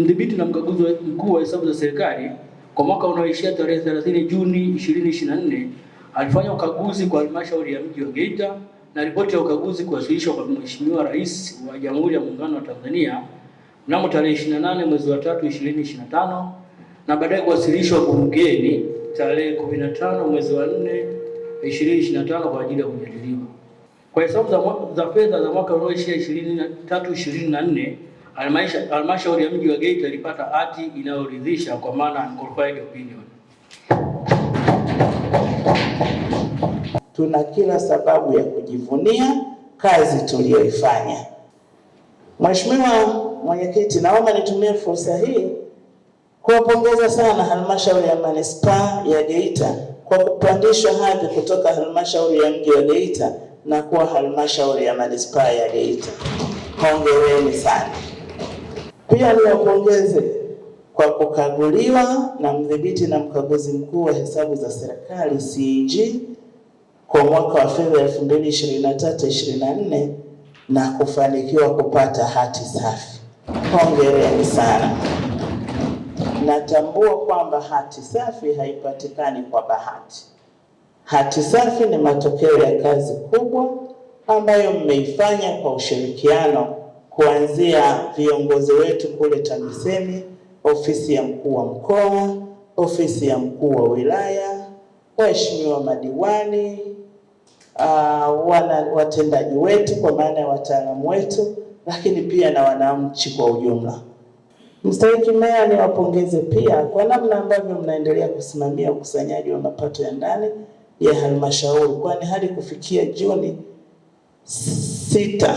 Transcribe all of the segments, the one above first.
Mdhibiti na mkaguzi mkuu wa hesabu za serikali kwa mwaka unaoishia tarehe 30 Juni 2024 alifanya ukaguzi kwa halmashauri ya mji wa Geita na ripoti ya ukaguzi kuwasilishwa kwa Mheshimiwa Rais wa Jamhuri ya Muungano wa Tanzania mnamo tarehe 28 mwezi wa 3 2025 na baadaye kuwasilishwa bungeni tarehe 15 mwezi wa 4 2025 kwa ajili ya kujadiliwa. Kwa hesabu za, fedha za mwaka unaoishia 23 24 halmashauri ya mji wa Geita ilipata hati inayoridhisha kwa maana unqualified opinion. Tuna kila sababu ya kujivunia kazi tuliyoifanya. Mheshimiwa Mwenyekiti, naomba nitumie fursa hii kuwapongeza sana halmashauri ya manispaa ya Geita kwa kupandishwa hadhi kutoka halmashauri ya mji wa Geita na kuwa halmashauri ya manispaa ya Geita. Hongereni sana. Pia niwapongeze kwa kukaguliwa na mdhibiti na mkaguzi mkuu wa hesabu za serikali CAG e kwa mwaka wa fedha 2023/24 na kufanikiwa kupata hati safi. Hongereni sana. Natambua kwamba hati safi haipatikani kwa bahati. Hati safi ni matokeo ya kazi kubwa ambayo mmeifanya kwa ushirikiano kuanzia viongozi wetu kule TAMISEMI, ofisi ya mkuu wa mkoa, ofisi ya mkuu wa wilaya, waheshimiwa madiwani, uh, wana watendaji wetu kwa maana ya wataalamu wetu, lakini pia na wananchi kwa ujumla. Mstahiki Meya, niwapongeze pia kwa namna ambavyo mnaendelea kusimamia ukusanyaji wa mapato ya ndani ya halmashauri, kwani hadi kufikia Juni sita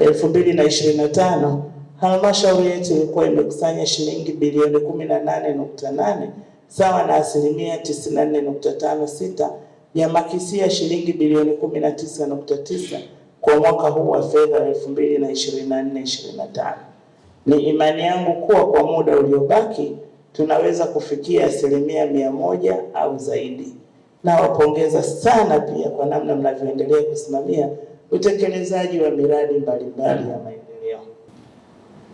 elfu mbili na ishirini na tano halmashauri yetu ilikuwa imekusanya shilingi bilioni kumi na nane nukta nane sawa na asilimia tisini na nne nukta tano sita ya makisia shilingi bilioni kumi na tisa nukta tisa kwa mwaka huu wa fedha elfu mbili na ishirini na nne ishirini na tano. Ni imani yangu kuwa kwa muda uliobaki tunaweza kufikia asilimia mia moja au zaidi. Nawapongeza sana pia kwa namna mnavyoendelea kusimamia utekelezaji wa miradi mbalimbali ya maendeleo.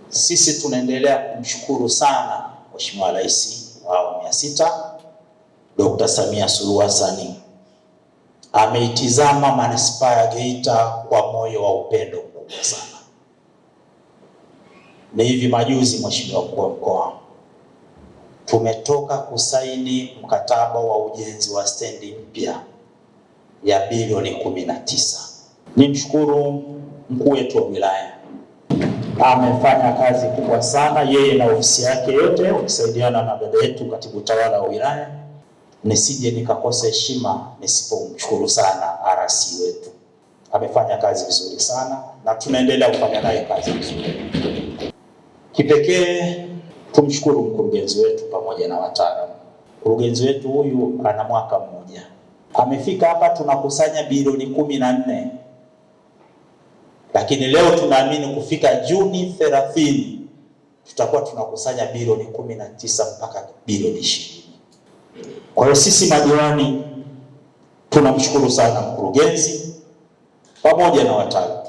Sisi tunaendelea kumshukuru sana Mheshimiwa Rais wa awamu ya sita Dr. Samia Suluhu Hassan ameitizama manispaa ya Geita kwa moyo wa upendo mkubwa sana. Ni hivi majuzi, Mheshimiwa mkuu wa mkoa, tumetoka kusaini mkataba wa ujenzi wa stendi mpya ya bilioni kumi na tisa Nimshukuru mkuu wetu wa wilaya, amefanya kazi kubwa sana yeye na ofisi yake yote, wakisaidiana na dada yetu katibu tawala wa wilaya. Nisije nikakosa heshima nisipomshukuru sana RC wetu, amefanya kazi vizuri sana na tunaendelea kufanya naye kazi vizuri. Kipekee tumshukuru mkurugenzi wetu pamoja na wataalamu. Mkurugenzi wetu huyu ana mwaka mmoja amefika hapa, tunakusanya bilioni kumi na nne lakini leo tunaamini kufika Juni 30 tutakuwa tunakusanya bilioni kumi na tisa mpaka bilioni ishirini. Kwa hiyo sisi madiwani tunamshukuru sana mkurugenzi pamoja na wataalamu